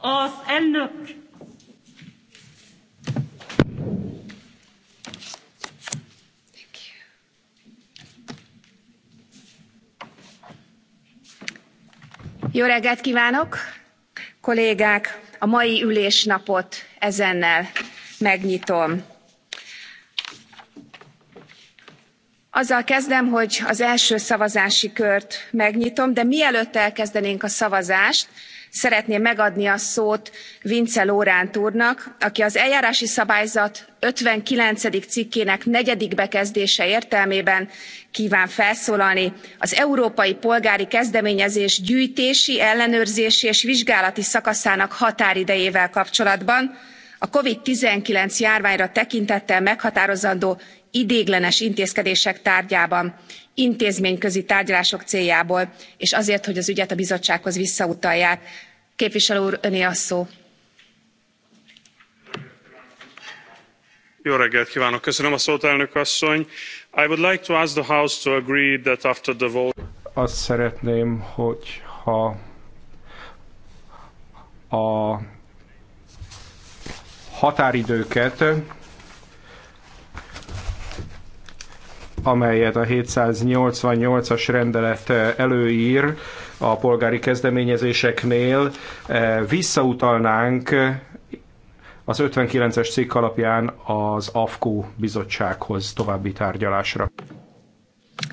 Az elnök Jó reggelt kívánok! Kollégák, a mai ülésnapot ezennel megnyitom. Azzal kezdem, hogy az első szavazási kört megnyitom, de mielőtt elkezdenénk a szavazást, szeretném megadni a szót vince laurent úrnak aki az eljárási szabályzat fifty nine cikkének negyedik bekezdése értelmében kván felszólalni az európai polgári kezdeményezés gyűjtési ellenőrzési és vizsgálati szakaszának határidejével kapcsolatban a covid nineteen járványra tekintettel meghatározandó ideiglenes intézkedések tárgyában intézményközi tárgyalások céljából és azért hogy az ügyet a bizottsághoz visszautalják. képviselő úr öné a szó. Jó reggelt kívánok, köszönöm a szót, elnök asszony. I would like to ask the House to agree that after the vote... Azt szeretném, hogy ha a határidőket amelyet a 788-as rendelet eh, előír a polgári kezdeményezéseknél, eh, visszautalnánk eh, az 59-es cikk alapján az AFKO bizottsághoz további tárgyalásra.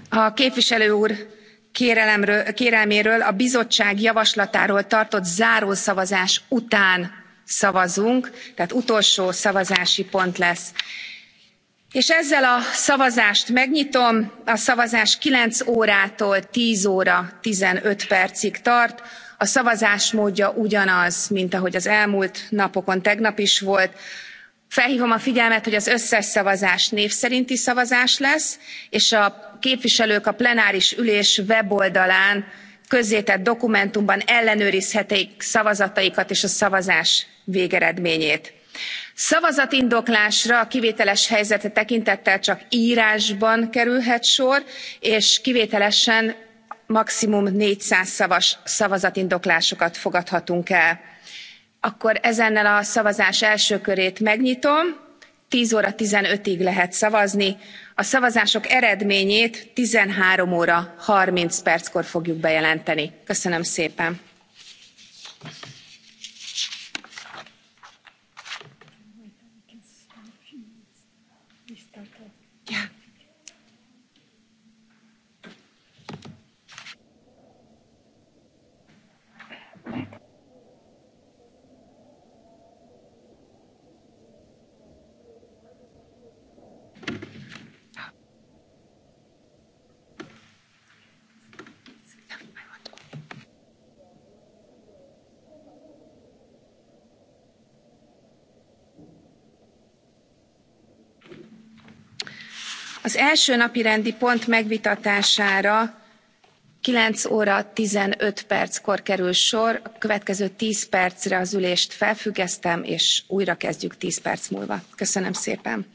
A képviselő úr kérelemről, kérelméről a bizottság javaslatáról tartott zárószavazás után szavazunk, tehát utolsó szavazási pont lesz és ezzel a szavazást megnyitom a szavazás nine órától ten óra fifteen percig tart a szavazás módja ugyanaz mint ahogy az elmúlt napokon tegnap is volt felhvom a figyelmet hogy az összes szavazás név szerinti szavazás lesz és a képviselők a plenáris ülés weboldalán közzétett dokumentumban ellenőrizhetik szavazataikat és a szavazás végeredményét szavazatindoklásra a kivételes helyzet tekintettel csak rásban kerülhet sor és kivételesen maximum four hundred szavas szavazatindoklásokat fogadhatunk el. akkor ezennel a szavazás első körét megnyitom ten óra fifteen ig lehet szavazni a szavazások eredményét thirteen óra thirty perckor fogjuk bejelenteni. köszönöm szépen. az első napirendi pont megvitatására kilenc óra fifteen perckor kerül sor a következő ten percre az ülést felfüggesztem és újrakezdjük ten perc múlva. köszönöm szépen.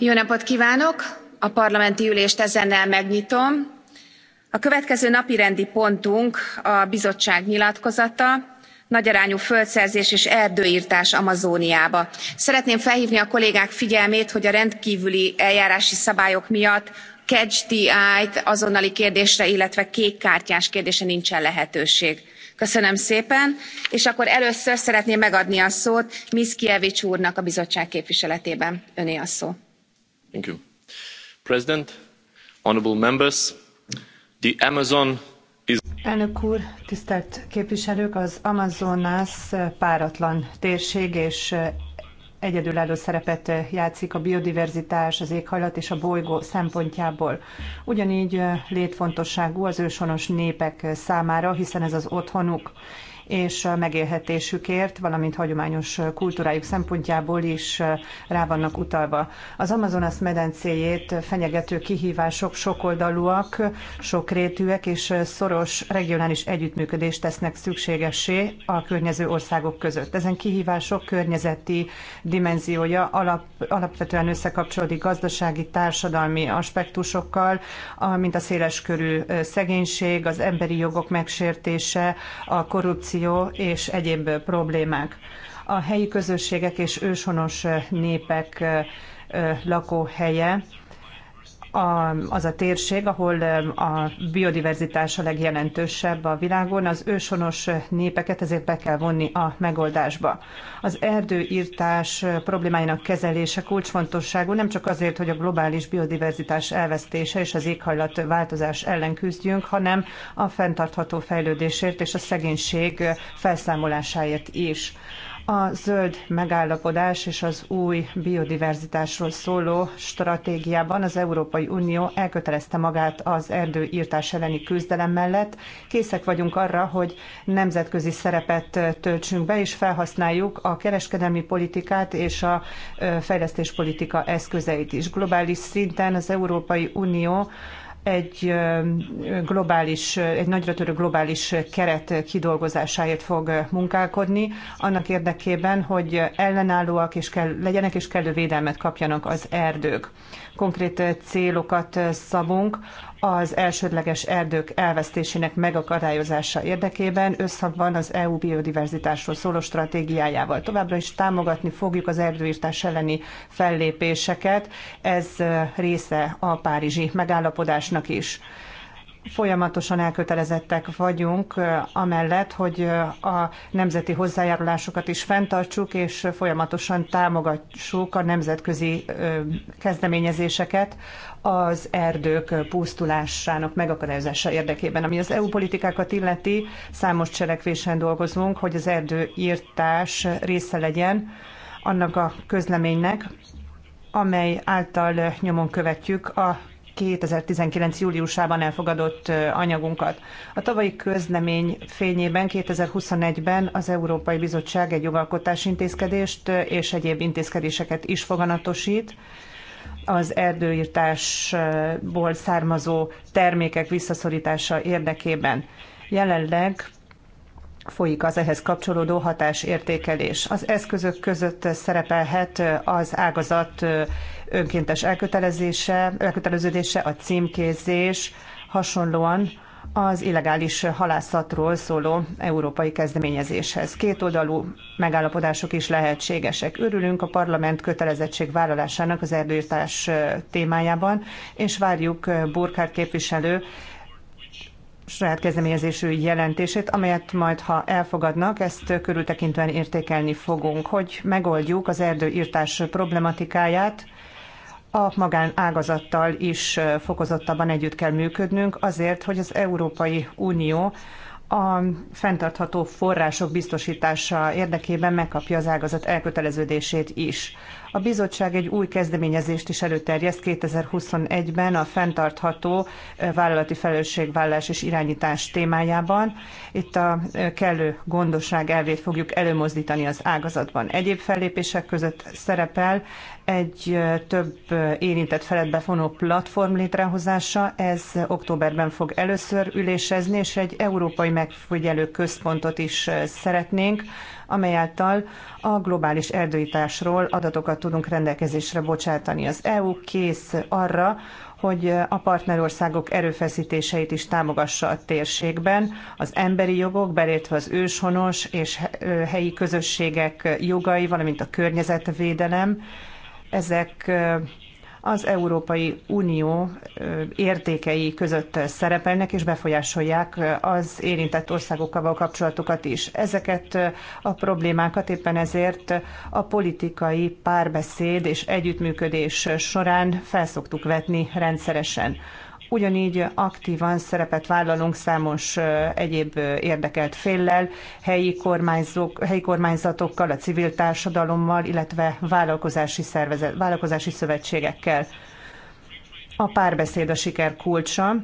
jó napot kívánok. a parlamenti ülést ezennel megnyitom. a következő napirendi pontunk a bizottság nyilatkozata nagyarányú földszerzés és erdőirtás amazóniába. szeretném felhívni a kollégák figyelmét hogy a rendkívüli eljárási szabályok miatt catch the eye t azonnali kérdésre illetve kékkártyás kérdésre nincsen lehetőség. köszönöm szépen és akkor először szeretném megadni a szót mickiewicz úrnak a bizottság képviseletében. öné a szó mr president honourable members the amazon is. elnök úr tisztelt képviselők! az amazonas páratlan térség és egyedülálló szerepet játszik a biodiverzitás, az éghajlat és a bolygó szempontjából. Ugyanígy létfontosságú az őshonos népek számára, hiszen ez az otthonuk és a megélhetésükért, valamint hagyományos kultúrájuk szempontjából is rá vannak utalva. Az Amazonas medencéjét fenyegető kihívások sokoldalúak, sokrétűek és szoros regionális együttműködést tesznek szükségessé a környező országok között. Ezen kihívások környezeti dimenziója alap, alapvetően összekapcsolódik gazdasági, társadalmi aspektusokkal, mint a széleskörű szegénység, az emberi jogok megsértése, a korrupció, migráció és egyéb problémák. A helyi közösségek és őshonos népek lakóhelye a, az a térség, ahol a biodiverzitás a legjelentősebb a világon, az őshonos népeket ezért be kell vonni a megoldásba. Az erdőírtás problémáinak kezelése kulcsfontosságú nem csak azért, hogy a globális biodiverzitás elvesztése és az éghajlat változás ellen küzdjünk, hanem a fenntartható fejlődésért és a szegénység felszámolásáért is. A zöld megállapodás és az új biodiverzitásról szóló stratégiában az Európai Unió elkötelezte magát az erdőírtás elleni küzdelem mellett. Készek vagyunk arra, hogy nemzetközi szerepet töltsünk be, és felhasználjuk a kereskedelmi politikát és a fejlesztéspolitika eszközeit is. Globális szinten az Európai Unió egy globális, egy nagyra törő globális keret kidolgozásáért fog munkálkodni, annak érdekében, hogy ellenállóak és kell, legyenek és kellő védelmet kapjanak az erdők. Konkrét célokat szabunk az elsődleges erdők elvesztésének megakadályozása érdekében összhangban az EU biodiverzitásról szóló stratégiájával. Továbbra is támogatni fogjuk az erdőírtás elleni fellépéseket, ez része a párizsi megállapodásnak is folyamatosan elkötelezettek vagyunk amellett, hogy a nemzeti hozzájárulásokat is fenntartsuk, és folyamatosan támogassuk a nemzetközi kezdeményezéseket az erdők pusztulásának megakadályozása érdekében. Ami az EU politikákat illeti, számos cselekvésen dolgozunk, hogy az erdőírtás része legyen annak a közleménynek, amely által nyomon követjük a 2019. júliusában elfogadott anyagunkat. A tavalyi közlemény fényében 2021-ben az Európai Bizottság egy jogalkotási intézkedést és egyéb intézkedéseket is foganatosít, az erdőírtásból származó termékek visszaszorítása érdekében. Jelenleg folyik az ehhez kapcsolódó hatásértékelés. Az eszközök között szerepelhet az ágazat önkéntes elkötelezése, elköteleződése, a címkézés, hasonlóan az illegális halászatról szóló európai kezdeményezéshez. Kétoldalú megállapodások is lehetségesek. Örülünk a parlament kötelezettség vállalásának az erdőirtás témájában, és várjuk Burkhardt képviselő saját kezdeményezésű jelentését, amelyet majd, ha elfogadnak, ezt körültekintően értékelni fogunk, hogy megoldjuk az erdőírtás problematikáját, a magánágazattal is fokozottabban együtt kell működnünk azért, hogy az Európai Unió a fenntartható források biztosítása érdekében megkapja az ágazat elköteleződését is. A bizottság egy új kezdeményezést is előterjeszt 2021-ben a fenntartható vállalati felelősségvállás és irányítás témájában. Itt a kellő gondosság elvét fogjuk előmozdítani az ágazatban. Egyéb fellépések között szerepel egy több érintett felett befonó platform létrehozása. Ez októberben fog először ülésezni, és egy európai megfigyelő központot is szeretnénk, amely által a globális erdőításról adatokat tudunk rendelkezésre bocsátani. Az EU kész arra, hogy a partnerországok erőfeszítéseit is támogassa a térségben, az emberi jogok, belétve az őshonos és helyi közösségek jogai, valamint a környezetvédelem, ezek az Európai Unió értékei között szerepelnek és befolyásolják az érintett országokkal való kapcsolatokat is. Ezeket a problémákat éppen ezért a politikai párbeszéd és együttműködés során felszoktuk vetni rendszeresen. Ugyanígy aktívan szerepet vállalunk számos egyéb érdekelt féllel, helyi, kormányzók, helyi kormányzatokkal, a civil társadalommal, illetve vállalkozási, szervezet, vállalkozási szövetségekkel. A párbeszéd a siker kulcsa,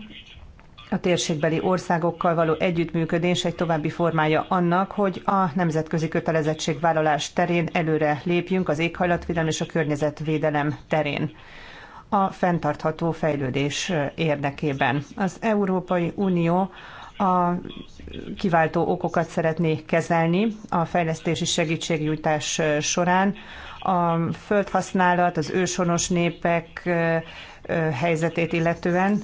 a térségbeli országokkal való együttműködés egy további formája annak, hogy a nemzetközi kötelezettségvállalás terén előre lépjünk az éghajlatvédelem és a környezetvédelem terén a fenntartható fejlődés érdekében. Az Európai Unió a kiváltó okokat szeretné kezelni a fejlesztési segítségnyújtás során. A földhasználat, az őshonos népek helyzetét illetően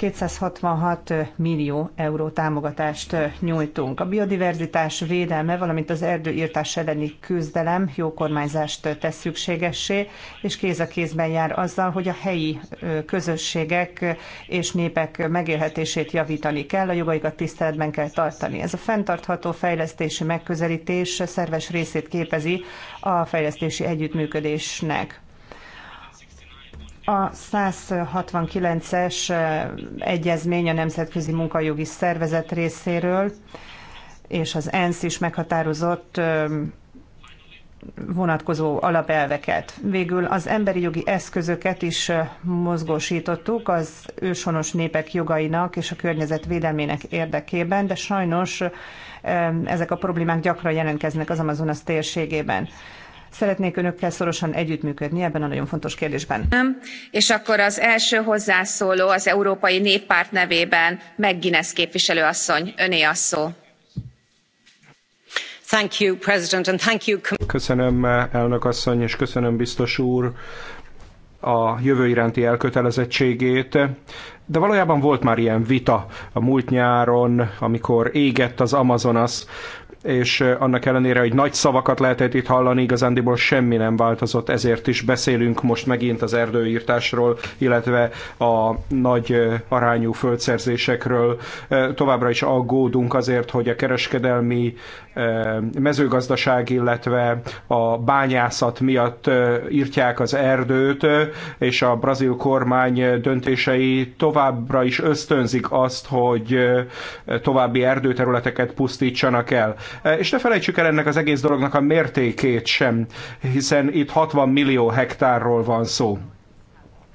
266 millió euró támogatást nyújtunk. A biodiverzitás védelme, valamint az erdőírtás elleni küzdelem jó kormányzást tesz szükségessé, és kéz a kézben jár azzal, hogy a helyi közösségek és népek megélhetését javítani kell, a jogaikat tiszteletben kell tartani. Ez a fenntartható fejlesztési megközelítés szerves részét képezi a fejlesztési együttműködésnek. A 169-es eh, egyezmény a Nemzetközi Munkajogi Szervezet részéről, és az ENSZ is meghatározott eh, vonatkozó alapelveket. Végül az emberi jogi eszközöket is eh, mozgósítottuk az őshonos népek jogainak és a környezet védelmének érdekében, de sajnos ezek a problémák gyakran jelentkeznek az Amazonas térségében. Szeretnék önökkel szorosan együttműködni ebben a nagyon fontos kérdésben. És akkor az első hozzászóló az Európai Néppárt nevében McGuinness képviselő asszony, öné a szó. Thank you, President, and thank you. Köszönöm, elnök asszony, és köszönöm, biztos úr, a jövő iránti elkötelezettségét. De valójában volt már ilyen vita a múlt nyáron, amikor égett az Amazonas, és annak ellenére, hogy nagy szavakat lehetett itt hallani, igazándiból semmi nem változott, ezért is beszélünk most megint az erdőírtásról, illetve a nagy arányú földszerzésekről. Továbbra is aggódunk azért, hogy a kereskedelmi mezőgazdaság, illetve a bányászat miatt írtják az erdőt, és a brazil kormány döntései továbbra is ösztönzik azt, hogy további erdőterületeket pusztítsanak el. És ne felejtsük el ennek az egész dolognak a mértékét sem, hiszen itt 60 millió hektárról van szó.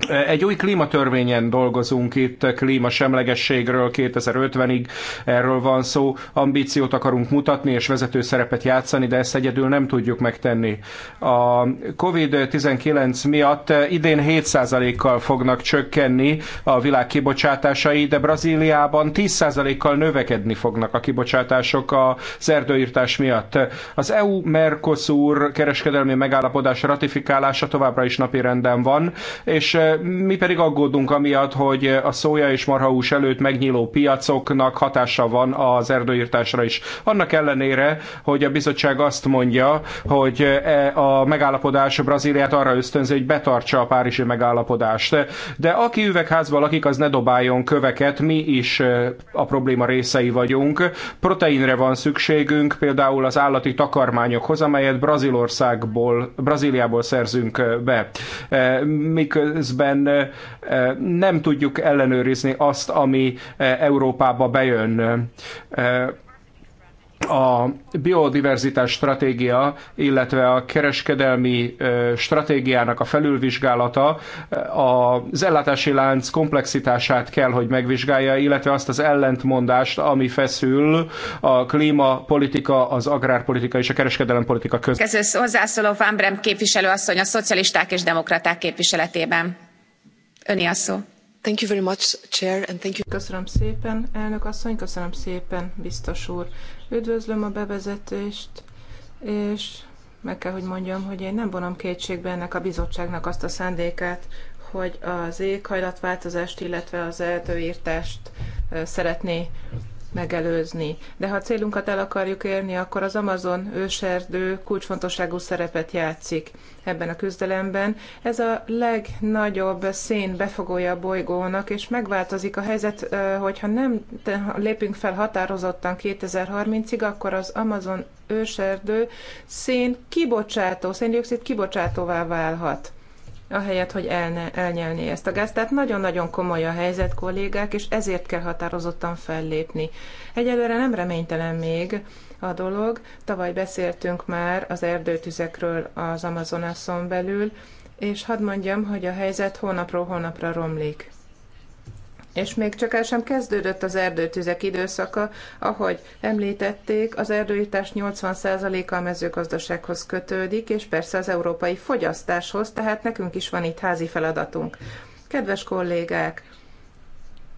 Egy új klímatörvényen dolgozunk itt, klímasemlegességről 2050-ig, erről van szó, ambíciót akarunk mutatni és vezető szerepet játszani, de ezt egyedül nem tudjuk megtenni. A COVID-19 miatt idén 7%-kal fognak csökkenni a világ kibocsátásai, de Brazíliában 10%-kal növekedni fognak a kibocsátások az erdőírtás miatt. Az EU-Mercosur kereskedelmi megállapodás ratifikálása továbbra is napirenden van, és mi pedig aggódunk amiatt, hogy a szója és marhahús előtt megnyíló piacoknak hatása van az erdőírtásra is. Annak ellenére, hogy a bizottság azt mondja, hogy e a megállapodás Brazíliát arra ösztönzi, hogy betartsa a párizsi megállapodást. De aki üvegházban lakik, az ne dobáljon köveket, mi is e, a probléma részei vagyunk. Proteinre van szükségünk, például az állati takarmányokhoz, amelyet Brazilországból, Brazíliából szerzünk e, be. Miközben miközben nem tudjuk ellenőrizni azt, ami Európába bejön a biodiverzitás stratégia, illetve a kereskedelmi stratégiának a felülvizsgálata az ellátási lánc komplexitását kell, hogy megvizsgálja, illetve azt az ellentmondást, ami feszül a klímapolitika, az agrárpolitika és a kereskedelempolitika között. Kezdő hozzászóló Van Brem képviselő asszony a szocialisták és demokraták képviseletében. Öni a szó. Thank you very much, Chair, and thank you. Köszönöm szépen, elnök asszony, köszönöm szépen, biztos úr. Üdvözlöm a bevezetést, és meg kell, hogy mondjam, hogy én nem vonom kétségbe ennek a bizottságnak azt a szándékát, hogy az éghajlatváltozást, illetve az erdőírtást szeretné megelőzni. De ha a célunkat el akarjuk érni, akkor az Amazon őserdő kulcsfontosságú szerepet játszik ebben a küzdelemben. Ez a legnagyobb szén befogója a bolygónak, és megváltozik a helyzet, hogyha nem lépünk fel határozottan 2030-ig, akkor az Amazon őserdő szén kibocsátó, széndiokszid kibocsátóvá válhat ahelyett, hogy elne, elnyelni ezt a gázt. Tehát nagyon-nagyon komoly a helyzet, kollégák, és ezért kell határozottan fellépni. Egyelőre nem reménytelen még a dolog. Tavaly beszéltünk már az erdőtüzekről az Amazonason belül, és hadd mondjam, hogy a helyzet hónapról hónapra romlik. És még csak el sem kezdődött az erdőtüzek időszaka, ahogy említették, az erdőítás 80%-a a mezőgazdasághoz kötődik, és persze az európai fogyasztáshoz, tehát nekünk is van itt házi feladatunk. Kedves kollégák,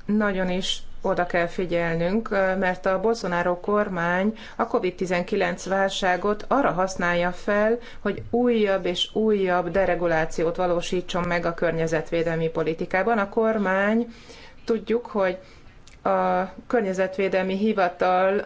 nagyon is oda kell figyelnünk, mert a Bolsonaro kormány a COVID-19 válságot arra használja fel, hogy újabb és újabb deregulációt valósítson meg a környezetvédelmi politikában. A kormány Tudjuk, hogy a környezetvédelmi hivatal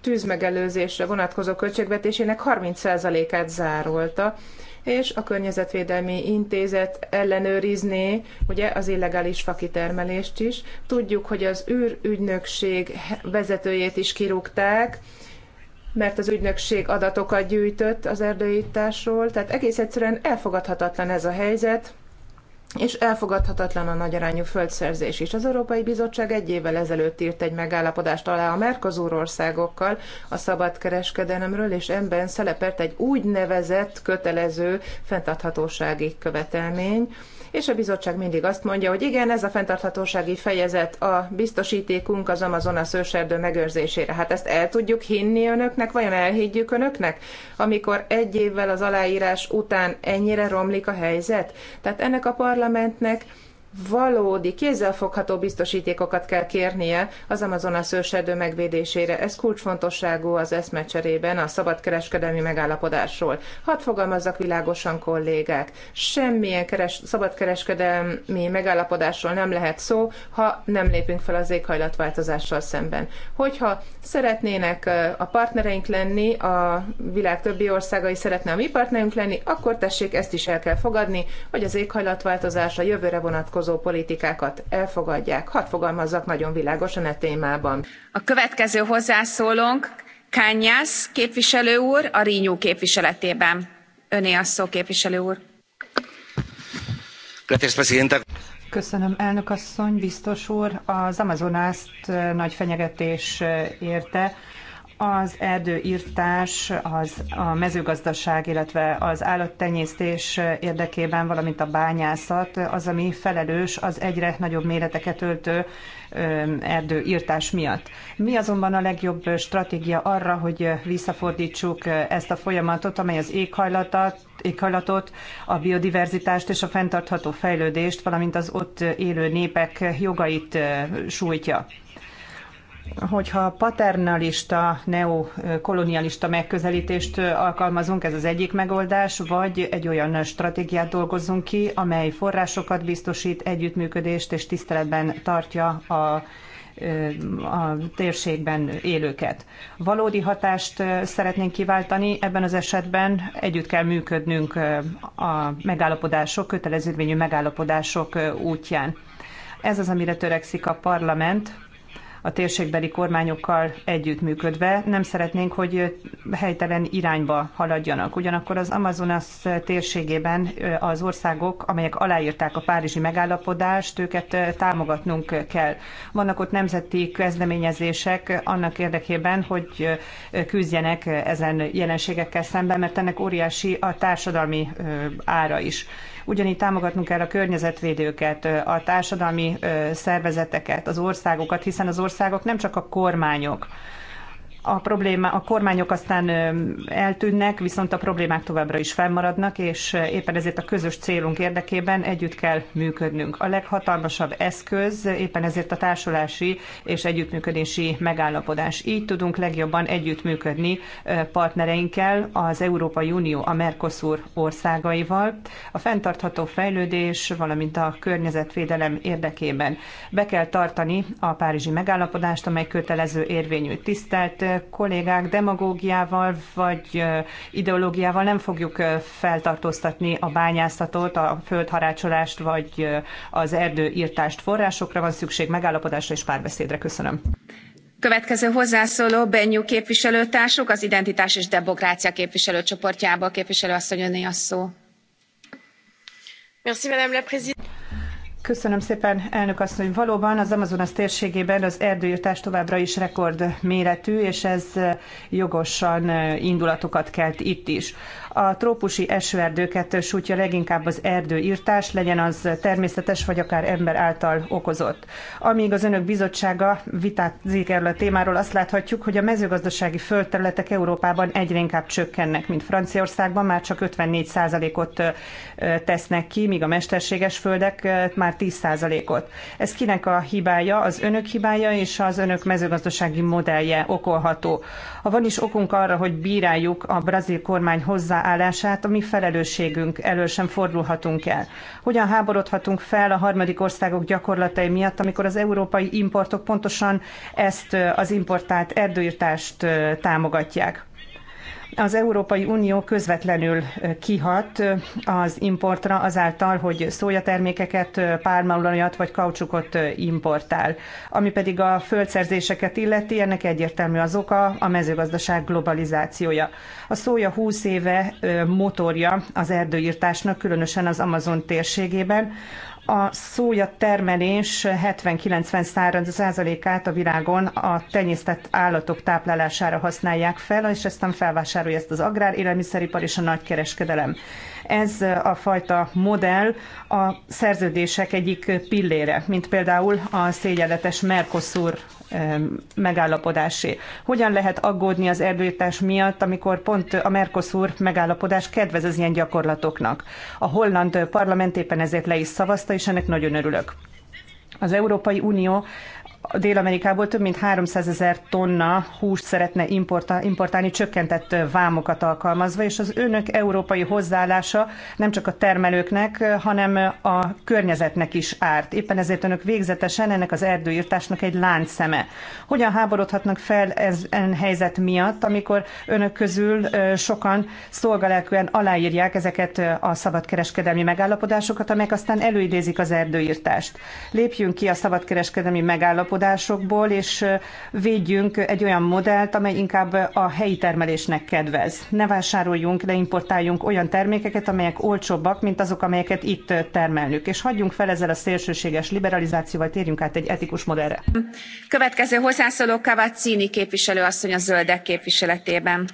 tűzmegelőzésre vonatkozó költségvetésének 30%-át zárolta, és a Környezetvédelmi Intézet ellenőrizné ugye az illegális fakitermelést is. Tudjuk, hogy az űrügynökség vezetőjét is kirúgták, mert az ügynökség adatokat gyűjtött az erdőításról, tehát egész egyszerűen elfogadhatatlan ez a helyzet és elfogadhatatlan a nagyarányú földszerzés is. Az Európai Bizottság egy évvel ezelőtt írt egy megállapodást alá a Mercosur országokkal a kereskedelemről, és ebben szerepelt egy úgynevezett kötelező fenntarthatósági követelmény, és a bizottság mindig azt mondja, hogy igen, ez a fenntarthatósági fejezet a biztosítékunk az Amazonas őserdő megőrzésére. Hát ezt el tudjuk hinni önöknek, vajon elhiggyük önöknek, amikor egy évvel az aláírás után ennyire romlik a helyzet? Tehát ennek a parlamentnek valódi, kézzelfogható biztosítékokat kell kérnie az Amazonas őserdő megvédésére. Ez kulcsfontosságú az eszmecserében a szabadkereskedelmi megállapodásról. Hadd fogalmazzak világosan, kollégák. Semmilyen keres- szabadkereskedelmi megállapodásról nem lehet szó, ha nem lépünk fel az éghajlatváltozással szemben. Hogyha szeretnének a partnereink lenni, a világ többi országai szeretne a mi partnerünk lenni, akkor tessék, ezt is el kell fogadni, hogy az éghajlatváltozás a jövőre vonatkozó vonatkozó politikákat elfogadják. Hadd fogalmazzak nagyon világosan e témában. A következő hozzászólónk Kányász képviselő úr a Rínyú képviseletében. Öné a szó, képviselő úr. Köszönöm, elnök asszony, biztos úr. Az Amazonászt nagy fenyegetés érte az erdőírtás, az a mezőgazdaság, illetve az állattenyésztés érdekében, valamint a bányászat az, ami felelős az egyre nagyobb méreteket öltő erdőírtás miatt. Mi azonban a legjobb stratégia arra, hogy visszafordítsuk ezt a folyamatot, amely az éghajlatot, éghajlatot, a biodiverzitást és a fenntartható fejlődést, valamint az ott élő népek jogait sújtja hogyha paternalista, neokolonialista megközelítést alkalmazunk, ez az egyik megoldás, vagy egy olyan stratégiát dolgozzunk ki, amely forrásokat biztosít, együttműködést és tiszteletben tartja a a térségben élőket. Valódi hatást szeretnénk kiváltani, ebben az esetben együtt kell működnünk a megállapodások, kötelezővényű megállapodások útján. Ez az, amire törekszik a parlament, a térségbeli kormányokkal együttműködve. Nem szeretnénk, hogy helytelen irányba haladjanak. Ugyanakkor az Amazonas térségében az országok, amelyek aláírták a párizsi megállapodást, őket támogatnunk kell. Vannak ott nemzeti kezdeményezések annak érdekében, hogy küzdjenek ezen jelenségekkel szemben, mert ennek óriási a társadalmi ára is. Ugyanígy támogatnunk kell a környezetvédőket, a társadalmi szervezeteket, az országokat, hiszen az országok nem csak a kormányok, a, probléma, a kormányok aztán eltűnnek, viszont a problémák továbbra is fennmaradnak, és éppen ezért a közös célunk érdekében együtt kell működnünk. A leghatalmasabb eszköz éppen ezért a társulási és együttműködési megállapodás. Így tudunk legjobban együttműködni partnereinkkel, az Európai Unió, a Mercosur országaival, a fenntartható fejlődés, valamint a környezetvédelem érdekében. Be kell tartani a párizsi megállapodást, amely kötelező érvényű tisztelt kollégák demagógiával vagy ideológiával nem fogjuk feltartóztatni a bányászatot, a földharácsolást vagy az erdőírtást forrásokra van szükség, megállapodásra és párbeszédre. Köszönöm. Következő hozzászóló Benyú képviselőtársuk, az Identitás és Demokrácia képviselőcsoportjából képviselő asszony a szó. Merci, Madame la Présidente. Köszönöm szépen, elnök asszony. Valóban az Amazonas térségében az erdőírtás továbbra is rekordméretű, és ez jogosan eh, indulatokat kelt itt is. A trópusi esőerdőket sújtja leginkább az erdőírtás, legyen az természetes vagy akár ember által okozott. Amíg az önök bizottsága vitázik erről a témáról, azt láthatjuk, hogy a mezőgazdasági földterületek Európában egyre inkább csökkennek, mint Franciaországban, már csak 54%-ot tesznek ki, míg a mesterséges földek már 10%-ot. Ez kinek a hibája? Az önök hibája és az önök mezőgazdasági modellje okolható. Ha van is okunk arra, hogy bíráljuk a brazil kormány hozzá állását, a mi felelősségünk elől sem fordulhatunk el. Hogyan háborodhatunk fel a harmadik országok gyakorlatai miatt, amikor az európai importok pontosan ezt az importált erdőirtást támogatják? az Európai Unió közvetlenül kihat az importra azáltal, hogy szójatermékeket, pálmaolajat vagy kaucsukot importál. Ami pedig a földszerzéseket illeti, ennek egyértelmű az oka a mezőgazdaság globalizációja. A szója 20 éve motorja az erdőírtásnak, különösen az Amazon térségében, a szója termelés 70 90 százalékát a világon a tenyésztett állatok táplálására használják fel, és ezt nem felvásárolja ezt az agrár, élelmiszeripar és a nagykereskedelem. Ez a fajta modell a szerződések egyik pillére, mint például a szégyenletes Mercosur megállapodásé. Hogyan lehet aggódni az erdőítás miatt, amikor pont a Mercosur megállapodás kedvez az ilyen gyakorlatoknak? A holland parlament éppen ezért le is szavazta, és ennek nagyon örülök. Az Európai Unió Dél-Amerikából több mint 300 ezer tonna húst szeretne importálni, csökkentett vámokat alkalmazva, és az önök európai hozzáállása nem csak a termelőknek, hanem a környezetnek is árt. Éppen ezért önök végzetesen ennek az erdőírtásnak egy láncszeme. Hogyan háborodhatnak fel ez en helyzet miatt, amikor önök közül sokan szolgalelkűen aláírják ezeket a szabadkereskedelmi megállapodásokat, amelyek aztán előidézik az erdőírtást? Lépjünk ki a szabadkereskedelmi megállapodásokat, megállapodásokból, és védjünk egy olyan modellt, amely inkább a helyi termelésnek kedvez. Ne vásároljunk, ne importáljunk olyan termékeket, amelyek olcsóbbak, mint azok, amelyeket itt termelünk. És hagyjunk fel ezzel a szélsőséges liberalizációval, térjünk át egy etikus modellre. Következő hozzászóló Kavazzini képviselő asszony a zöldek képviseletében.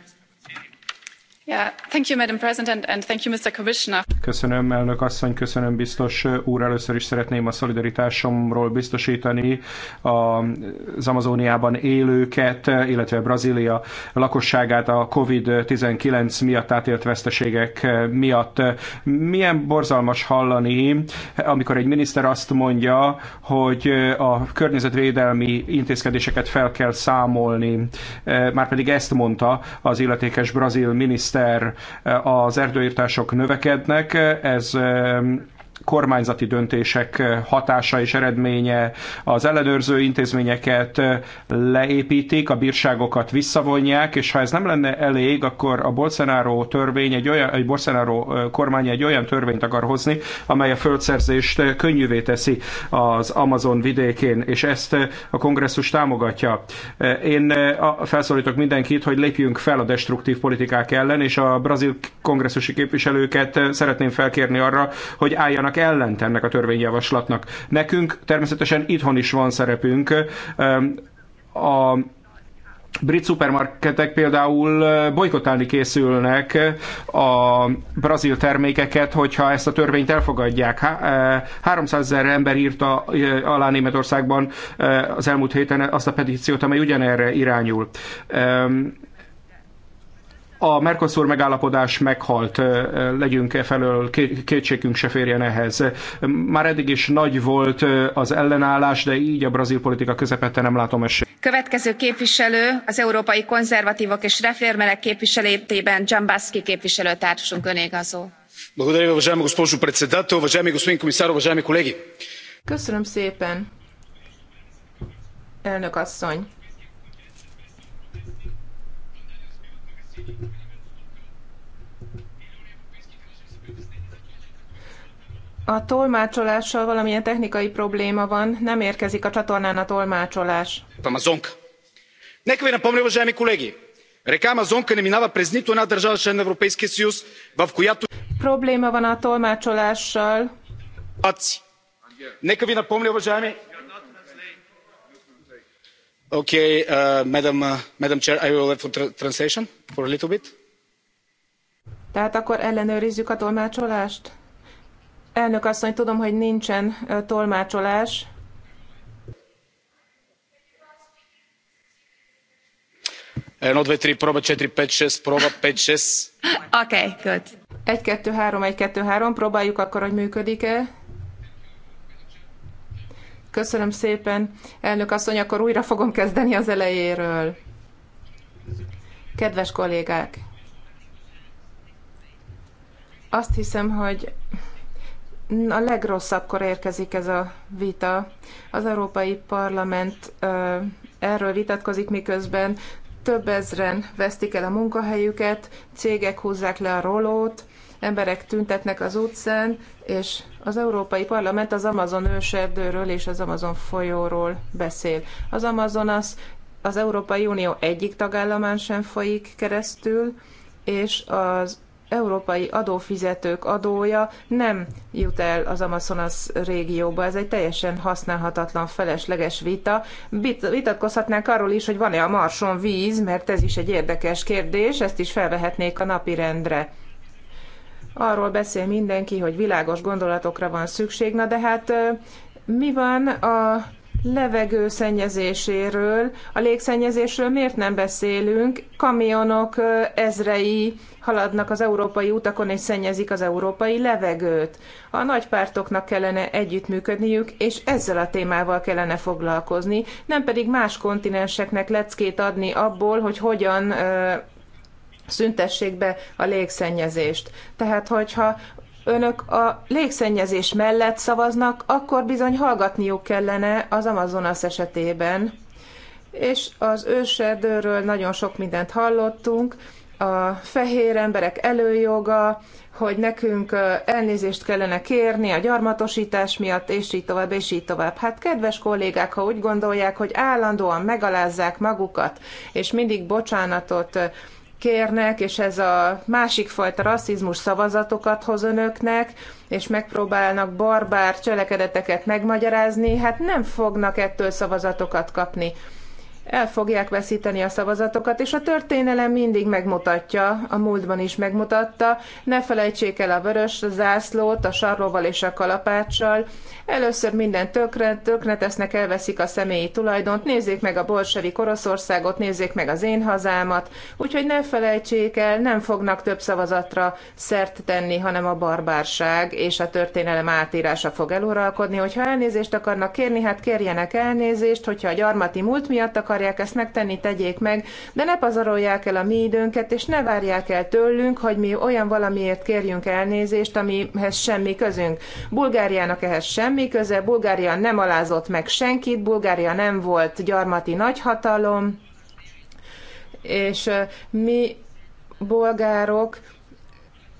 Köszönöm, elnök asszony, köszönöm, biztos úr. Először is szeretném a szolidaritásomról biztosítani az Amazóniában élőket, illetve Brazília lakosságát a COVID-19 miatt átélt veszteségek miatt. Milyen borzalmas hallani, amikor egy miniszter azt mondja, hogy a környezetvédelmi intézkedéseket fel kell számolni. Márpedig ezt mondta az illetékes brazil miniszter egyszer eh, az erdőírtások növekednek, ez eh, kormányzati döntések hatása és eredménye. Az ellenőrző intézményeket leépítik, a bírságokat visszavonják, és ha ez nem lenne elég, akkor a Bolsonaro törvény egy olyan, egy Bolsonaro kormány egy olyan törvényt akar hozni, amely a földszerzést könnyűvé teszi az Amazon vidékén, és ezt a kongresszus támogatja. Én felszólítok mindenkit, hogy lépjünk fel a destruktív politikák ellen, és a brazil kongresszusi képviselőket szeretném felkérni arra, hogy álljanak állnak ellent ennek a törvényjavaslatnak. Nekünk természetesen itthon is van szerepünk. A brit szupermarketek például bolykotálni készülnek a brazil termékeket, hogyha ezt a törvényt elfogadják. 300 ezer ember írta alá Németországban az elmúlt héten azt a petíciót, amely ugyanerre irányul a Mercosur megállapodás meghalt, legyünk e felől, kétségünk se férjen ehhez. Már eddig is nagy volt az ellenállás, de így a brazil politika közepette nem látom esélyt. Következő képviselő az Európai Konzervatívok és Reformerek képviseletében Dzsambaszki képviselőtársunk önégazó. Köszönöm szépen, elnök asszony. A tolmácsolással valamilyen technikai probléma van, nem érkezik a csatornán a tolmácsolás. Амазонка. Нека ви напомня, уважаеми колеги, река Амазонка не минава през нито една държава член на Европейския съюз, в която... Проблема van a tolmácsolással. Нека ви напомня, уважаеми Okay, uh, uh, Madam, Chair, I will for translation for a little bit. Tehát akkor ellenőrizzük a tolmácsolást? Elnök asszony, tudom, hogy nincsen tolmácsolás. Eno, dve, tri, proba, četiri, pet, proba, Oké, okay, good. 1, 2, 3, 1, 2, 3, próbáljuk akkor, hogy működik-e. Köszönöm szépen, elnök asszony, akkor újra fogom kezdeni az elejéről. Kedves kollégák, azt hiszem, hogy a legrosszabbkor érkezik ez a vita. Az Európai Parlament erről vitatkozik, miközben több ezren vesztik el a munkahelyüket, cégek húzzák le a rolót, emberek tüntetnek az utcán, és az Európai Parlament az Amazon őserdőről és az Amazon folyóról beszél. Az Amazon az, az Európai Unió egyik tagállamán sem folyik keresztül, és az európai adófizetők adója nem jut el az Amazonas régióba. Ez egy teljesen használhatatlan, felesleges vita. Vitatkozhatnánk arról is, hogy van-e a Marson víz, mert ez is egy érdekes kérdés, ezt is felvehetnék a napirendre arról beszél mindenki, hogy világos gondolatokra van szükség, na de hát mi van a levegő szennyezéséről, a légszennyezésről miért nem beszélünk? Kamionok ezrei haladnak az európai utakon és szennyezik az európai levegőt. A nagypártoknak kellene együttműködniük, és ezzel a témával kellene foglalkozni, nem pedig más kontinenseknek leckét adni abból, hogy hogyan szüntessék be a légszennyezést. Tehát, hogyha önök a légszennyezés mellett szavaznak, akkor bizony hallgatniuk kellene az Amazonas esetében. És az őserdőről nagyon sok mindent hallottunk, a fehér emberek előjoga, hogy nekünk elnézést kellene kérni a gyarmatosítás miatt, és így tovább, és így tovább. Hát kedves kollégák, ha úgy gondolják, hogy állandóan megalázzák magukat, és mindig bocsánatot kérnek, és ez a másik fajta rasszizmus szavazatokat hoz önöknek, és megpróbálnak barbár cselekedeteket megmagyarázni, hát nem fognak ettől szavazatokat kapni el fogják veszíteni a szavazatokat, és a történelem mindig megmutatja, a múltban is megmutatta, ne felejtsék el a vörös zászlót, a sarlóval és a kalapáccsal, először minden tökre, tökre tesznek, elveszik a személyi tulajdont, nézzék meg a bolsevi Oroszországot, nézzék meg az én hazámat, úgyhogy ne felejtsék el, nem fognak több szavazatra szert tenni, hanem a barbárság és a történelem átírása fog eluralkodni, hogyha elnézést akarnak kérni, hát kérjenek elnézést, hogyha a gyarmati múlt miatt akar akarják ezt megtenni, tegyék meg, de ne pazarolják el a mi időnket, és ne várják el tőlünk, hogy mi olyan valamiért kérjünk elnézést, amihez semmi közünk. Bulgáriának ehhez semmi köze, Bulgária nem alázott meg senkit, Bulgária nem volt gyarmati nagyhatalom, és mi bolgárok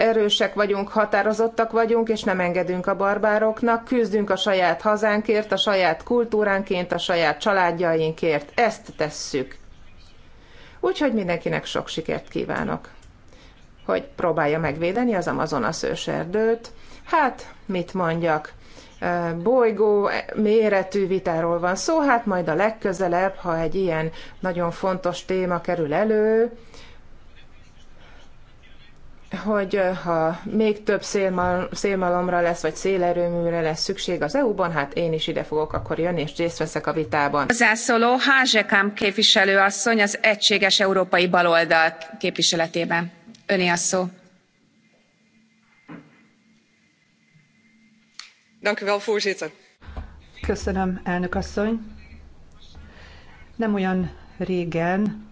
erősek vagyunk, határozottak vagyunk, és nem engedünk a barbároknak, küzdünk a saját hazánkért, a saját kultúránként, a saját családjainkért. Ezt tesszük. Úgyhogy mindenkinek sok sikert kívánok, hogy próbálja megvédeni az Amazonas őserdőt. Hát, mit mondjak? bolygó e, méretű vitáról van szó, hát majd a legközelebb, ha egy ilyen nagyon fontos téma kerül elő, hogy ha még több szélmal, szélmalomra lesz, vagy szélerőműre lesz szükség az EU-ban, hát én is ide fogok akkor jönni, és részt veszek a vitában. zászoló Házsekám képviselőasszony az Egységes Európai Baloldal képviseletében. Öné a szó. Köszönöm, elnök asszony. Nem olyan régen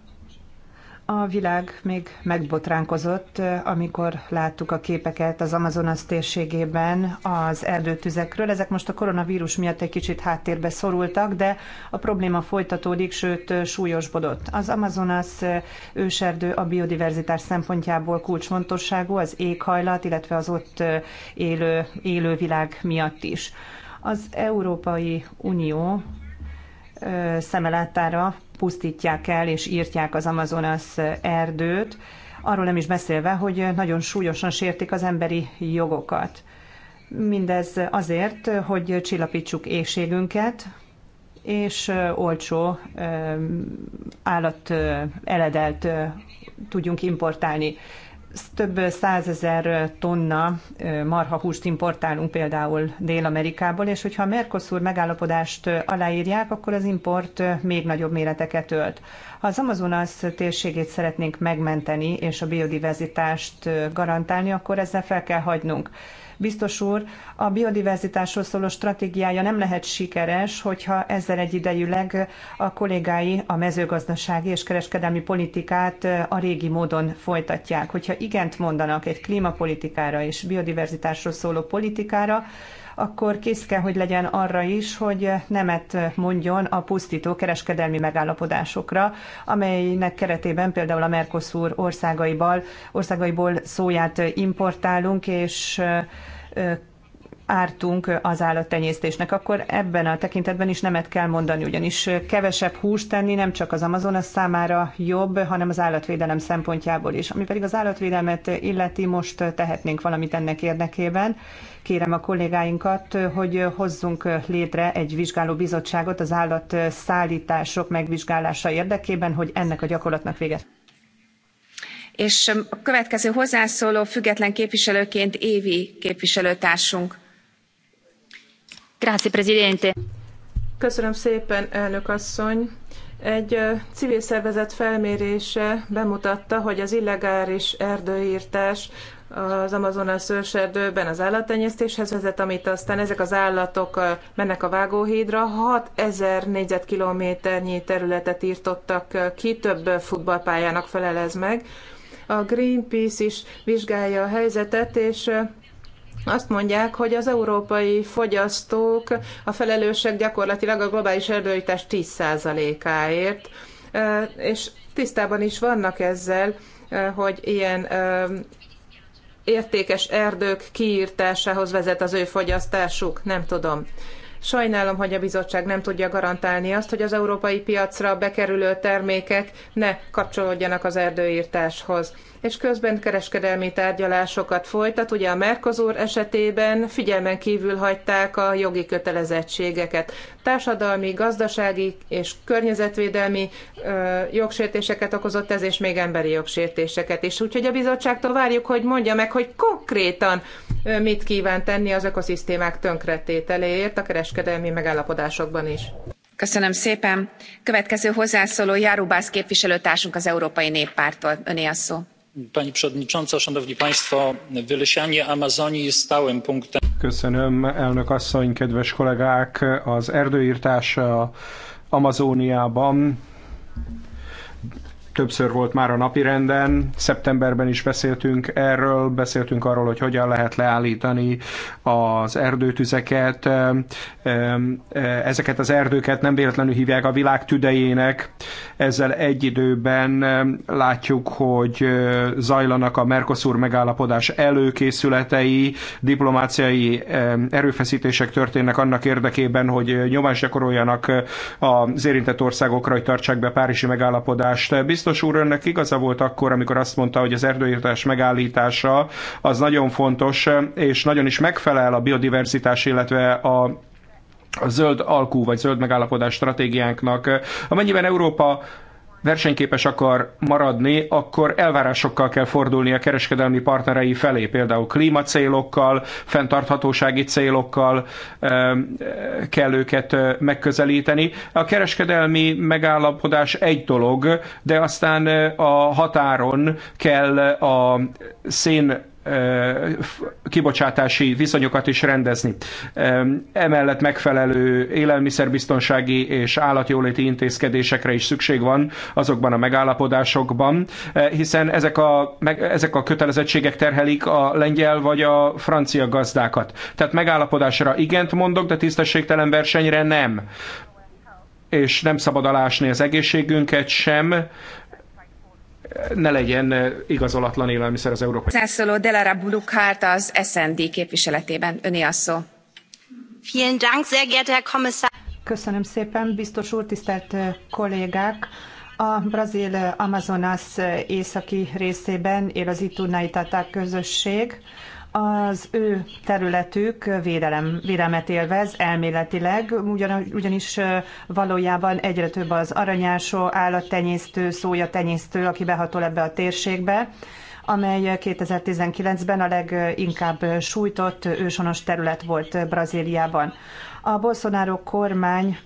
a világ még megbotránkozott, amikor láttuk a képeket az Amazonas térségében az erdőtüzekről. Ezek most a koronavírus miatt egy kicsit háttérbe szorultak, de a probléma folytatódik, sőt súlyosbodott. Az Amazonas őserdő a biodiverzitás szempontjából kulcsfontosságú, az éghajlat, illetve az ott élő élővilág miatt is. Az Európai Unió szemelátára pusztítják el és írtják az Amazonas erdőt, arról nem is beszélve, hogy nagyon súlyosan sértik az emberi jogokat. Mindez azért, hogy csillapítsuk éhségünket, és olcsó állat eledelt tudjunk importálni több százezer tonna marhahúst importálunk például Dél-Amerikából, és hogyha a Mercosur megállapodást aláírják, akkor az import még nagyobb méreteket ölt. Ha az Amazonas térségét szeretnénk megmenteni és a biodiverzitást garantálni, akkor ezzel fel kell hagynunk. Biztos úr, a biodiverzitásról szóló stratégiája nem lehet sikeres, hogyha ezzel egyidejűleg a kollégái a mezőgazdasági és kereskedelmi politikát a régi módon folytatják. Hogyha igent mondanak egy klímapolitikára és biodiverzitásról szóló politikára, akkor kész kell, hogy legyen arra is, hogy nemet mondjon a pusztító kereskedelmi megállapodásokra, amelynek keretében például a Mercosur országaiból, országaiból szóját importálunk, és ártunk az állattenyésztésnek, akkor ebben a tekintetben is nemet kell mondani, ugyanis kevesebb húst tenni nem csak az Amazonas számára jobb, hanem az állatvédelem szempontjából is. Ami pedig az állatvédelmet illeti, most tehetnénk valamit ennek érdekében. Kérem a kollégáinkat, hogy hozzunk létre egy vizsgáló bizottságot az állatszállítások megvizsgálása érdekében, hogy ennek a gyakorlatnak véget és a következő hozzászóló független képviselőként évi képviselőtársunk. Grazie, Presidente. Köszönöm szépen, elnök asszony. Egy civil szervezet felmérése bemutatta, hogy az illegális erdőírtás az Amazonas őserdőben az állattenyésztéshez vezet, amit aztán ezek az állatok mennek a vágóhídra. 6000 négyzetkilométernyi területet írtottak ki, több futballpályának felelez meg. A Greenpeace is vizsgálja a helyzetet, és azt mondják, hogy az európai fogyasztók a felelősek gyakorlatilag a globális erdőítás 10%-áért, és tisztában is vannak ezzel, hogy ilyen értékes erdők kiírtásához vezet az ő fogyasztásuk, nem tudom. Sajnálom, hogy a bizottság nem tudja garantálni azt, hogy az európai piacra bekerülő termékek ne kapcsolódjanak az erdőírtáshoz. És közben kereskedelmi tárgyalásokat folytat, ugye a Mercosur esetében figyelmen kívül hagyták a jogi kötelezettségeket társadalmi, gazdasági és környezetvédelmi jogsértéseket okozott ez, és még emberi jogsértéseket is. Úgyhogy a bizottságtól várjuk, hogy mondja meg, hogy konkrétan mit kíván tenni az ökoszisztémák tönkretételéért a kereskedelmi megállapodásokban is. Köszönöm szépen. Következő hozzászóló Járubász képviselőtársunk az Európai Néppártól. Öné a szó pani przewodnicząca! szanowni państwo! wylesianie amazonii jest stałym punktem. köszönöm elnök asszony kedves kollégák! az erdőirtás amazóniában többször volt már a napirenden, szeptemberben is beszéltünk erről, beszéltünk arról, hogy hogyan lehet leállítani az erdőtüzeket. Ezeket az erdőket nem véletlenül hívják a világ tüdejének. Ezzel egy időben látjuk, hogy zajlanak a Mercosur megállapodás előkészületei, diplomáciai erőfeszítések történnek annak érdekében, hogy nyomást gyakoroljanak az érintett országokra, hogy tartsák be a Párizsi megállapodást. Biztos biztos úr, önnek igaza volt akkor, amikor azt mondta, hogy az erdőírtás megállítása az nagyon fontos, és nagyon is megfelel a biodiversitás illetve a a zöld alkú vagy zöld megállapodás stratégiánknak. Amennyiben Európa versenyképes akar maradni, akkor elvárásokkal kell fordulni a kereskedelmi partnerei felé, például klímacélokkal, fenntarthatósági célokkal kell őket megközelíteni. A kereskedelmi megállapodás egy dolog, de aztán a határon kell a szén kibocsátási viszonyokat is rendezni. Emellett megfelelő élelmiszerbiztonsági és állatjóléti intézkedésekre is szükség van azokban a megállapodásokban, hiszen ezek a, meg, ezek a kötelezettségek terhelik a lengyel vagy a francia gazdákat. Tehát megállapodásra igent mondok, de tisztességtelen versenyre nem és nem szabad alásni az egészségünket sem, ne legyen eh, igazolatlan élelmiszer az európai. Zászoló Delara Bulukárt az SND képviseletében. Öné a szó. Vielen Dank, sehr geehrter Herr Kommissar. Köszönöm szépen, biztos úr, tisztelt eh, kollégák! A brazil eh, Amazonas északi részében él az Itunai közösség, az ő területük védelem, védelmet élvez elméletileg, ugyan, ugyanis valójában egyre több az aranyásó állattenyésztő, szójatenyésztő, aki behatol ebbe a térségbe amely 2019-ben a leginkább sújtott őshonos terület volt Brazíliában. A Bolsonaro kormány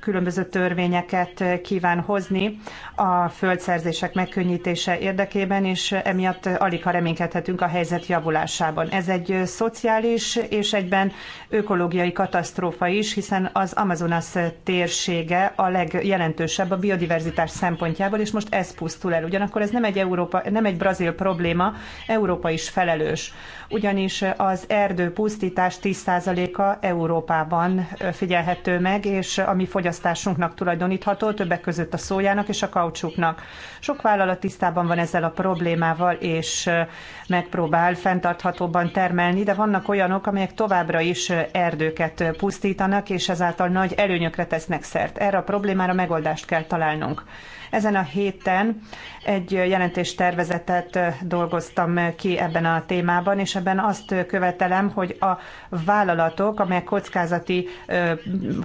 különböző törvényeket kíván hozni a földszerzések megkönnyítése érdekében, és emiatt alig ha reménykedhetünk a helyzet javulásában. Ez egy szociális és egyben ökológiai katasztrófa is, hiszen az Amazonas térsége a legjelentősebb a biodiverzitás szempontjából, és most ez pusztul el. Ugyanakkor ez nem egy, Európa, nem egy brazil probléma, Európa is felelős. Ugyanis az erdő pusztítás 10%-a Európában figyelhető meg, és ami fogy fogyasztásunknak tulajdonítható, többek között a szójának és a kaucsuknak. Sok vállalat tisztában van ezzel a problémával, és megpróbál fenntarthatóban termelni, de vannak olyanok, amelyek továbbra is erdőket pusztítanak, és ezáltal nagy előnyökre tesznek szert. Erre a problémára megoldást kell találnunk. Ezen a héten egy jelentéstervezetet dolgoztam ki ebben a témában, és ebben azt követelem, hogy a vállalatok, amelyek kockázati,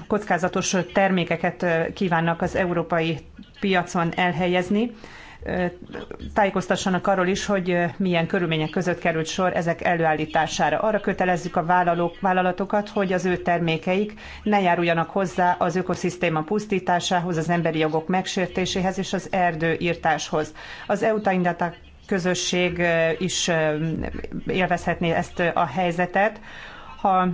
kockázatos termékeket kívánnak az európai piacon elhelyezni, tájékoztassanak arról is, hogy milyen körülmények között került sor ezek előállítására. Arra kötelezzük a vállalók, vállalatokat, hogy az ő termékeik ne járuljanak hozzá az ökoszisztéma pusztításához, az emberi jogok megsértéséhez és az írtáshoz. Az EU közösség is élvezhetné ezt a helyzetet, ha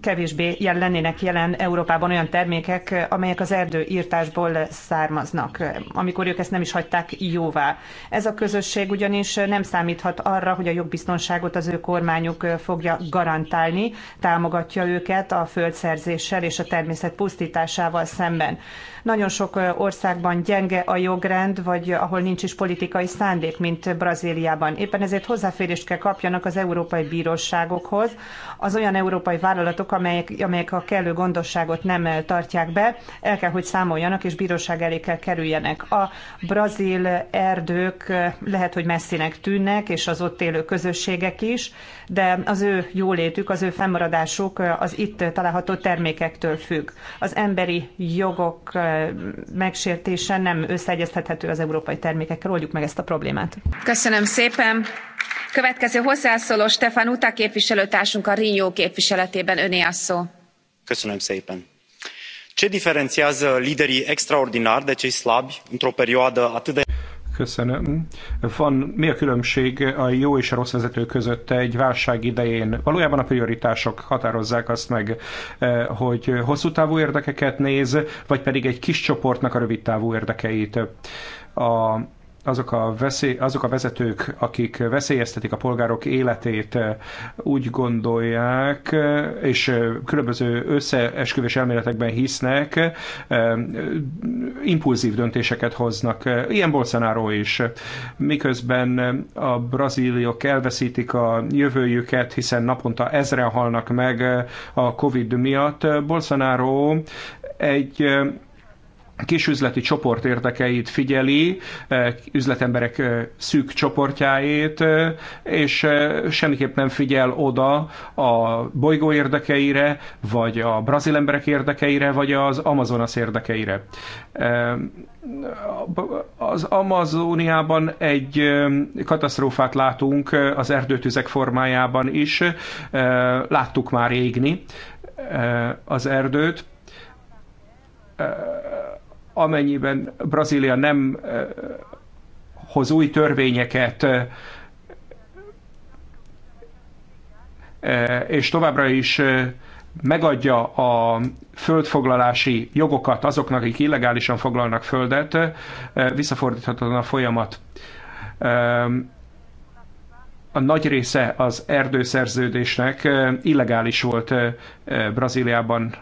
kevésbé jel lennének jelen Európában olyan termékek, amelyek az erdőírtásból származnak, amikor ők ezt nem is hagyták jóvá. Ez a közösség ugyanis nem számíthat arra, hogy a jogbiztonságot az ő kormányuk fogja garantálni, támogatja őket a földszerzéssel és a természet pusztításával szemben. Nagyon sok országban gyenge a jogrend, vagy ahol nincs is politikai szándék, mint Brazíliában. Éppen ezért hozzáférést kell kapjanak az európai bíróságokhoz az olyan európai vállalatok, amelyek, amelyek a kellő gondosságot nem tartják be, el kell, hogy számoljanak, és bíróság elé kell kerüljenek. A brazil erdők lehet, hogy messzinek tűnnek, és az ott élő közösségek is, de az ő jólétük, az ő fennmaradásuk az itt található termékektől függ. Az emberi jogok megsértése nem összeegyeztethető az európai termékekkel. Oldjuk meg ezt a problémát. Köszönöm szépen. Következő hozzászóló Stefan Uta képviselőtársunk a Rinyó képviseletében öné a szó. Köszönöm szépen. Ce diferențiază liderii extraordinari de cei slabi într-o perioadă atât de Köszönöm. Van, mi a különbség a jó és a rossz vezető között egy válság idején? Valójában a prioritások határozzák azt meg, eh, hogy hosszú távú érdekeket néz, vagy pedig egy kis csoportnak a rövid távú érdekeit. A azok a, veszély, azok a vezetők, akik veszélyeztetik a polgárok életét, úgy gondolják, és különböző összeesküvés elméletekben hisznek, impulzív döntéseket hoznak. Ilyen Bolsonaro is. Miközben a braziliok elveszítik a jövőjüket, hiszen naponta ezre halnak meg a Covid miatt, Bolsonaro egy kisüzleti csoport érdekeit figyeli, eh, üzletemberek eh, szűk csoportjáit, eh, és semmiképp nem figyel oda a bolygó érdekeire, vagy a brazil emberek érdekeire, vagy az Amazonas érdekeire. Az Amazoniában egy katasztrófát látunk az erdőtüzek formájában is. Láttuk már égni az erdőt amennyiben Brazília nem hoz új törvényeket, és továbbra is megadja a földfoglalási jogokat azoknak, akik illegálisan foglalnak földet, visszafordíthatatlan a folyamat. A nagy része az erdőszerződésnek illegális volt Brazíliában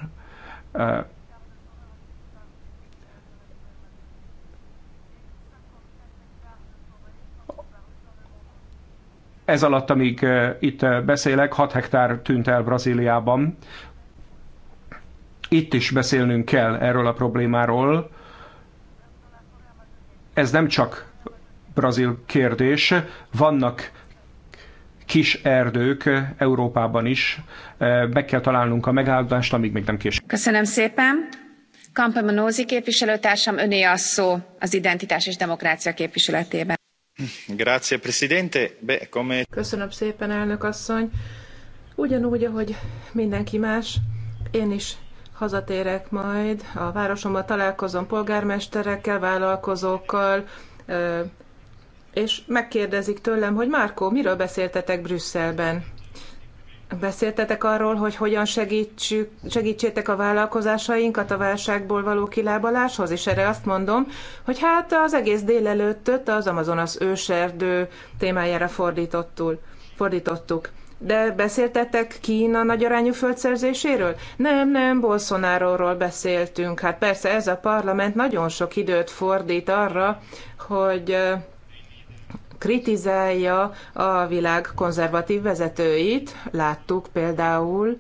Ez alatt, amíg itt beszélek, 6 hektár tűnt el Brazíliában. Itt is beszélnünk kell erről a problémáról. Ez nem csak brazil kérdés, vannak kis erdők Európában is. Meg kell találnunk a megáldást, amíg még nem késő. Köszönöm szépen. Kampa Manózi képviselőtársam, öné a szó az identitás és demokrácia képviseletében. Grazie, Presidente. Be, come... Köszönöm szépen, elnök asszony. Ugyanúgy, ahogy mindenki más, én is hazatérek majd, a városomban találkozom polgármesterekkel, vállalkozókkal, és megkérdezik tőlem, hogy Márkó, miről beszéltetek Brüsszelben? Beszéltetek arról, hogy hogyan segítsük, segítsétek a vállalkozásainkat a válságból való kilábaláshoz, és erre azt mondom, hogy hát az egész délelőttöt az Amazonas őserdő témájára fordítottul, fordítottuk. De beszéltetek Kína nagyarányú földszerzéséről? Nem, nem, bolsonaro beszéltünk. Hát persze ez a parlament nagyon sok időt fordít arra, hogy kritizálja a világ konzervatív vezetőit. Láttuk például,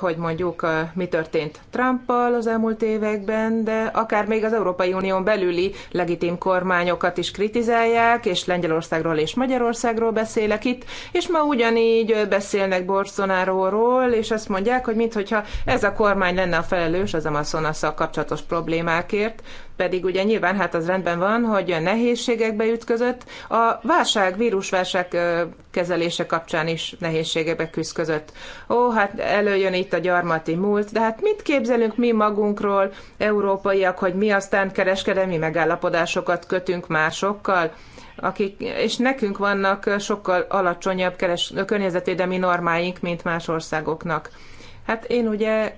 hogy mondjuk mi történt Trumpal az elmúlt években, de akár még az Európai Unión belüli legitim kormányokat is kritizálják, és Lengyelországról és Magyarországról beszélek itt, és ma ugyanígy beszélnek Bolsonaróról, és azt mondják, hogy mintha ez a kormány lenne a felelős az Amazonasszal kapcsolatos problémákért, pedig ugye nyilván hát az rendben van, hogy nehézségekbe ütközött, a válság, vírusválság kezelése kapcsán is nehézségekbe küzdött. Ó, hát előjön itt a gyarmati múlt, de hát mit képzelünk mi magunkról, európaiak, hogy mi aztán kereskedelmi megállapodásokat kötünk másokkal? akik, és nekünk vannak sokkal alacsonyabb keres, környezetvédelmi normáink, mint más országoknak. Hát én ugye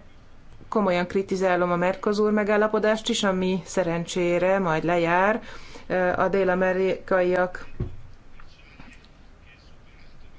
komolyan kritizálom a Mercosur megállapodást is, ami szerencsére majd lejár eh, a dél-amerikaiak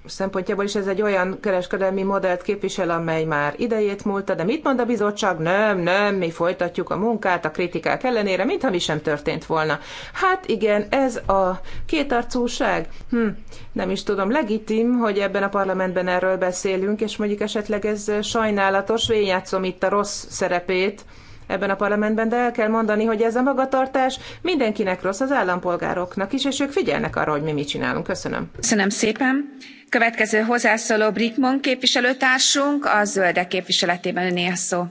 szempontjából is ez egy olyan kereskedelmi modellt képvisel, amely már idejét múlta, de mit mond a bizottság? Nem, nem, mi folytatjuk a munkát a kritikák ellenére, mintha mi sem történt volna. Hát igen, ez a kétarcúság, hm, nem is tudom, legitim, hogy ebben a parlamentben erről beszélünk, és mondjuk esetleg ez sajnálatos, vénjátszom itt a rossz szerepét, ebben a parlamentben, de el kell mondani, hogy ez a magatartás mindenkinek rossz, az állampolgároknak is, és ők figyelnek arra, hogy mi mit csinálunk. Köszönöm. Köszönöm szépen következő hozzászóló brickman képviselőtársunk a zöldek képviseletében öné a szó.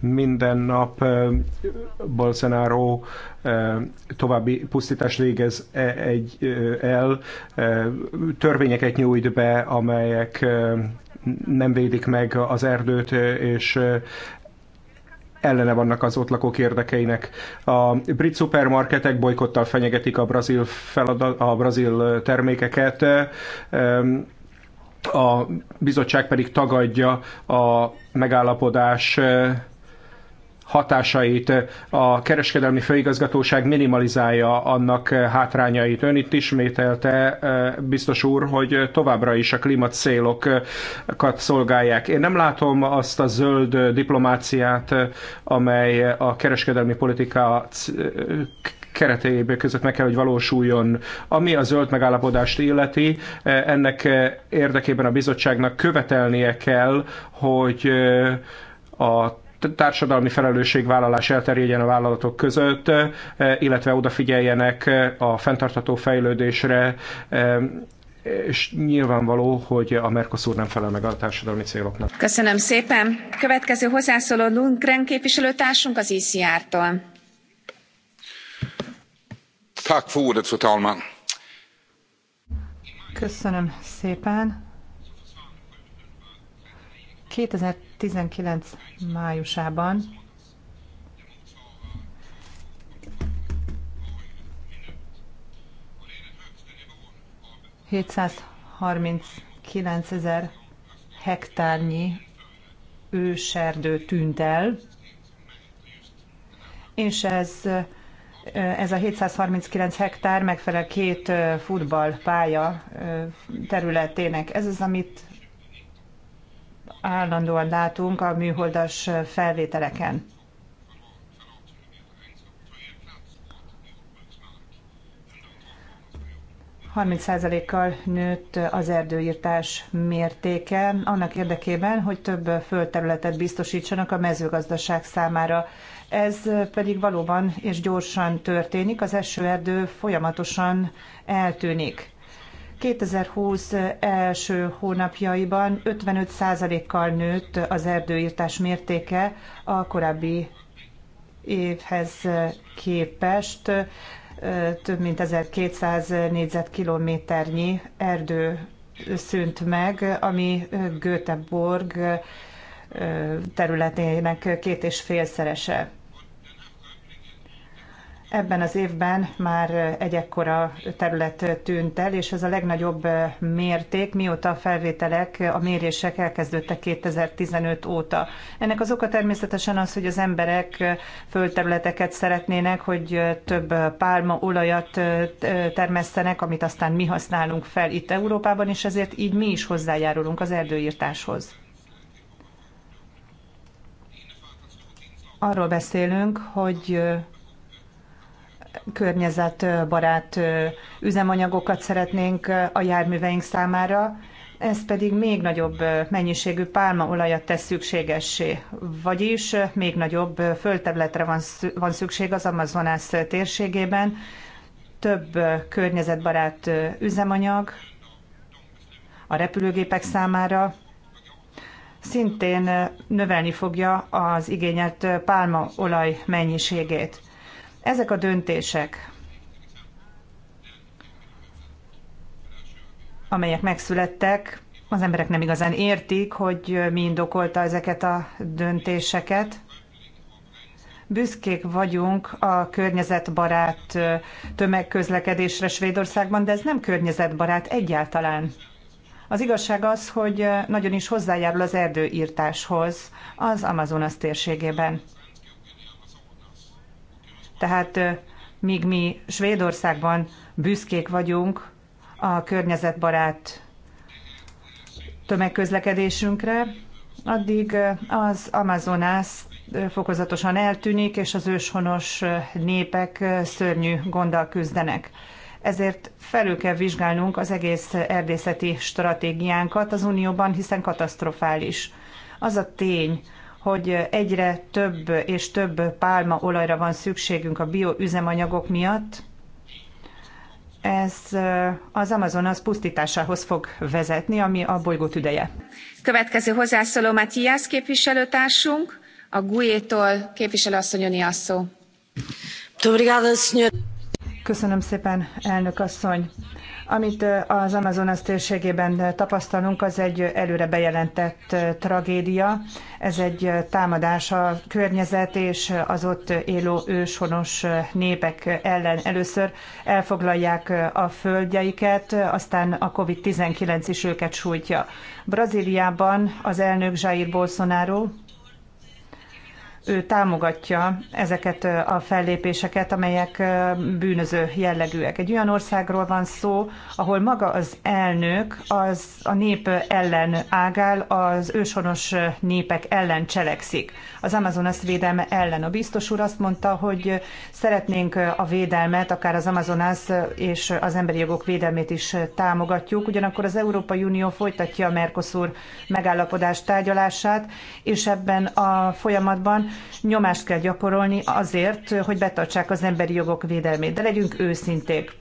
minden nap bolsonaro további pusztítást végez e egy el törvényeket nyújt be amelyek nem védik meg az erdőt, és ellene vannak az ott lakók érdekeinek. A brit szupermarketek bolykottal fenyegetik a brazil, feladat, a brazil termékeket, a bizottság pedig tagadja a megállapodás hatásait a kereskedelmi főigazgatóság minimalizálja annak hátrányait. Ön itt ismételte, eh, biztos úr, hogy továbbra is a klímacélokat szolgálják. Én nem látom azt a zöld diplomáciát, amely a kereskedelmi politika keretében között meg kell, hogy valósuljon. Ami a zöld megállapodást illeti, eh, ennek érdekében a bizottságnak követelnie kell, hogy eh, a társadalmi felelősségvállalás elterjedjen a vállalatok között, e, illetve odafigyeljenek a fenntartható fejlődésre, e, és nyilvánvaló, hogy a Mercosur nem felel meg a társadalmi céloknak. Köszönöm szépen. Következő hozzászóló Lundgren képviselőtársunk az ICR-tól. Köszönöm szépen. 2000 2019 májusában ...739 ezer hektárnyi őserdő tűnt el, és ez, ez a 739 hektár megfelel két futballpálya területének. Ez az, amit állandóan látunk a műholdas felvételeken. kal nőtt az erdőírtás mértéke annak érdekében, hogy több földterületet biztosítsanak a mezőgazdaság számára. Ez pedig valóban és gyorsan történik, az esőerdő folyamatosan eltűnik. 2020 első hónapjaiban 55%-kal nőtt az erdőírtás mértéke a korábbi évhez képest több mint 1200 négyzetkilométernyi erdő szűnt meg, ami Göteborg területének két és félszerese. Ebben az évben már egy ekkora terület tűnt el, és ez a legnagyobb mérték, mióta a felvételek, a mérések elkezdődtek 2015 óta. Ennek az oka természetesen az, hogy az emberek földterületeket szeretnének, hogy több pálmaolajat termesztenek, amit aztán mi használunk fel itt Európában, és ezért így mi is hozzájárulunk az erdőírtáshoz. Arról beszélünk, hogy környezetbarát üzemanyagokat szeretnénk a járműveink számára, ez pedig még nagyobb mennyiségű pálmaolajat tesz szükségessé, vagyis még nagyobb földterületre van szükség az Amazonas térségében, több környezetbarát üzemanyag a repülőgépek számára, szintén növelni fogja az igényelt pálmaolaj mennyiségét. Ezek a döntések, amelyek megszülettek, az emberek nem igazán értik, hogy mi indokolta ezeket a döntéseket. Büszkék vagyunk a környezetbarát tömegközlekedésre Svédországban, de ez nem környezetbarát egyáltalán. Az igazság az, hogy nagyon is hozzájárul az erdőírtáshoz az Amazonas térségében. Tehát míg mi Svédországban büszkék vagyunk a környezetbarát tömegközlekedésünkre, addig az Amazonász fokozatosan eltűnik, és az őshonos népek szörnyű gonddal küzdenek. Ezért felül kell vizsgálnunk az egész erdészeti stratégiánkat az Unióban, hiszen katasztrofális. Az a tény, hogy egyre több és több pálmaolajra van szükségünk a bioüzemanyagok miatt, ez az Amazonas pusztításához fog vezetni, ami a bolygó tüdeje. Következő hozzászóló Matthias képviselőtársunk, a GUE-tól képviselőasszony a szó. Köszönöm szépen, elnök asszony. Amit az Amazonas térségében tapasztalunk, az egy előre bejelentett tragédia. Ez egy támadás a környezet és az ott élő őshonos népek ellen. Először elfoglalják a földjeiket, aztán a COVID-19 is őket sújtja. Brazíliában az elnök Jair Bolsonaro ő támogatja ezeket a fellépéseket, amelyek bűnöző jellegűek. Egy olyan országról van szó, ahol maga az elnök az a nép ellen ágál, az őshonos népek ellen cselekszik az Amazonas védelme ellen. A biztos úr azt mondta, hogy szeretnénk a védelmet, akár az Amazonas és az emberi jogok védelmét is támogatjuk, ugyanakkor az Európai Unió folytatja a Mercosur megállapodás tárgyalását, és ebben a folyamatban nyomást kell gyakorolni azért, hogy betartsák az emberi jogok védelmét. De legyünk őszinték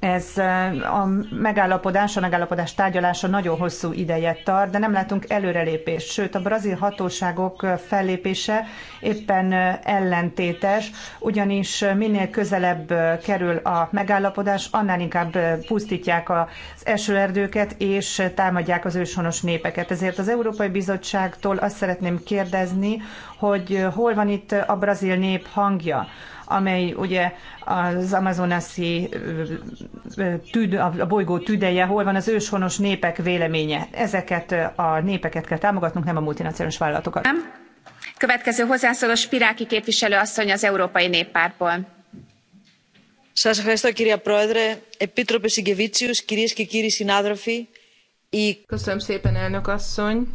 ez eh, a megállapodás, a megállapodás tárgyalása nagyon hosszú ideje tart, de nem látunk előrelépést. Sőt, a brazil hatóságok eh, fellépése éppen eh, ellentétes, ugyanis minél közelebb kerül a megállapodás, annál inkább pusztítják az esőerdőket és támadják az őshonos népeket. Ezért az Európai Bizottságtól azt szeretném kérdezni, hogy hol van itt a brazil nép hangja amely ugye az amazonaszi tüd, a bolygó tüdeje, hol van az őshonos népek véleménye. Ezeket a népeket kell támogatnunk, nem a multinacionális vállalatokat. Nem. Következő hozzászóló Spiráki képviselő asszony az Európai Néppártból. Σας ευχαριστώ κυρία Πρόεδρε, Επίτροπε Σιγκεβίτσιους, κυρίες και κύριοι συνάδελφοι. Η... Köszönöm szépen, elnök asszony.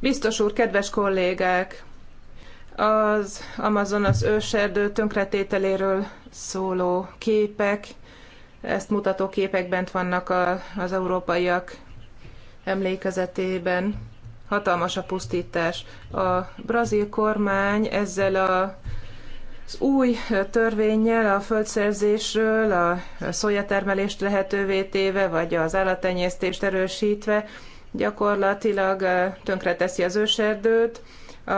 Biztos úr, kedves kollégák! az Amazonas őserdő tönkretételéről szóló képek, ezt mutató képek bent vannak a, az európaiak emlékezetében. Hatalmas a pusztítás. A brazil kormány ezzel a az új törvényel a földszerzésről, a szójatermelést lehetővé téve, vagy az állattenyésztést erősítve gyakorlatilag tönkreteszi az őserdőt, a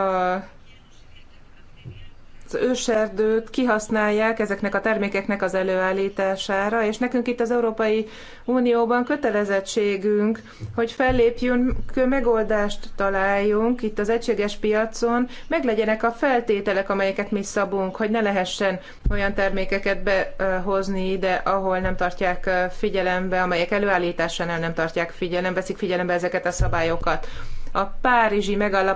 az őserdőt kihasználják ezeknek a termékeknek az előállítására, és nekünk itt az Európai Unióban kötelezettségünk, hogy fellépjünk, megoldást találjunk itt az egységes piacon, meglegyenek a feltételek, amelyeket mi szabunk, hogy ne lehessen olyan termékeket behozni ide, ahol nem tartják figyelembe, amelyek előállításánál nem tartják figyelembe, veszik figyelembe ezeket a szabályokat a párizsi megállapodás